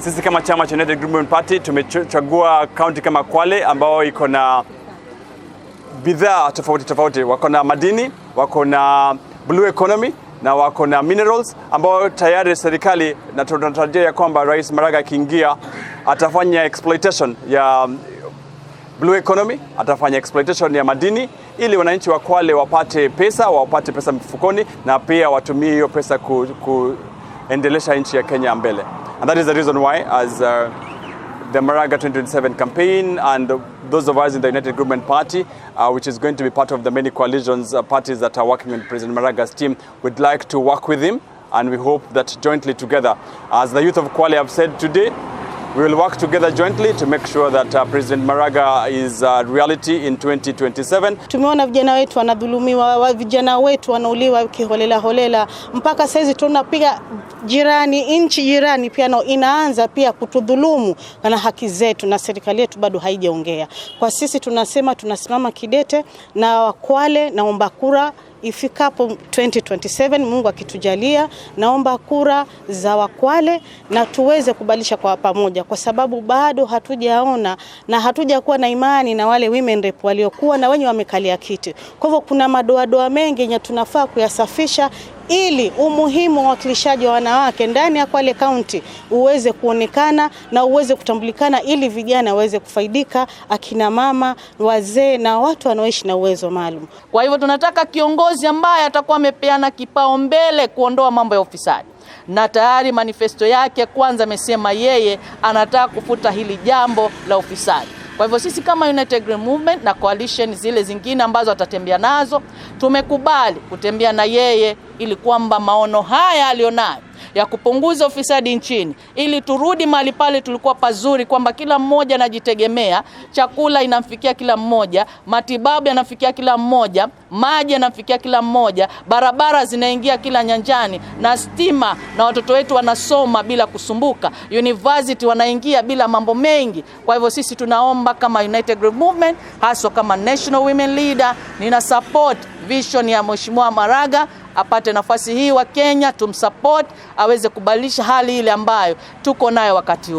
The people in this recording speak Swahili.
Sisi kama chama cha United Green Party tumechagua kaunti kama Kwale ambao iko na bidhaa tofauti tofauti, wako na madini, wako na blue economy na wako na minerals ambao tayari serikali na tunatarajia ya kwamba Rais Maraga akiingia atafanya exploitation ya blue economy, atafanya exploitation ya madini ili wananchi wa Kwale wapate pesa, wapate pesa mfukoni na pia watumie hiyo pesa ku, kuendelesha nchi ya Kenya mbele. And that is the reason why, as uh, the Maraga 2027 campaign and those of us in the United Government Party, uh, which is going to be part of the many coalitions uh, parties that are working with President Maraga's team, would like to work with him. And we hope that jointly together, as the youth of Kwale have said today, We will work together jointly to make sure that uh, President Maraga is a uh, reality in 2027. Tumeona vijana wetu wanadhulumiwa, vijana wetu wanauliwa kiholela holela, mpaka saizi tunapiga jirani, nchi jirani pia nao inaanza pia kutudhulumu na haki zetu, na serikali yetu bado haijaongea. Kwa sisi tunasema tunasimama kidete na Wakwale, naomba kura ifikapo 2027 Mungu akitujalia, naomba kura za Wakwale na tuweze kubadilisha kwa pamoja, kwa sababu bado hatujaona na hatujakuwa na imani na wale women rep waliokuwa na wenye wamekalia kiti. Kwa hivyo kuna madoadoa mengi yenye tunafaa kuyasafisha ili umuhimu wa uwakilishaji wa wanawake ndani ya Kwale kaunti uweze kuonekana na uweze kutambulikana, ili vijana waweze kufaidika, akina mama, wazee na watu wanaoishi na uwezo maalum. Kwa hivyo tunataka kiongozi kiongozi ambaye atakuwa amepeana mbele kuondoa mambo ya ufisadi, na tayari manifesto yake kwanza amesema yeye anataka kufuta hili jambo la ufisadi. Kwa hivyo sisi kama United Green Movement na coalition zile zingine ambazo atatembea nazo tumekubali kutembea na yeye ili kwamba maono haya aliyonayo ya kupunguza ufisadi nchini, ili turudi mahali pale tulikuwa pazuri, kwamba kila mmoja anajitegemea, chakula inamfikia kila mmoja, matibabu yanafikia kila mmoja, maji yanafikia kila mmoja, barabara zinaingia kila nyanjani, na stima, na watoto wetu wanasoma bila kusumbuka, university wanaingia bila mambo mengi. Kwa hivyo sisi tunaomba kama United Group Movement, haswa kama National Women Leader, nina support vision ya Mheshimiwa Maraga apate nafasi hii wa Kenya tumsupport aweze kubadilisha hali ile ambayo tuko nayo wakati huu.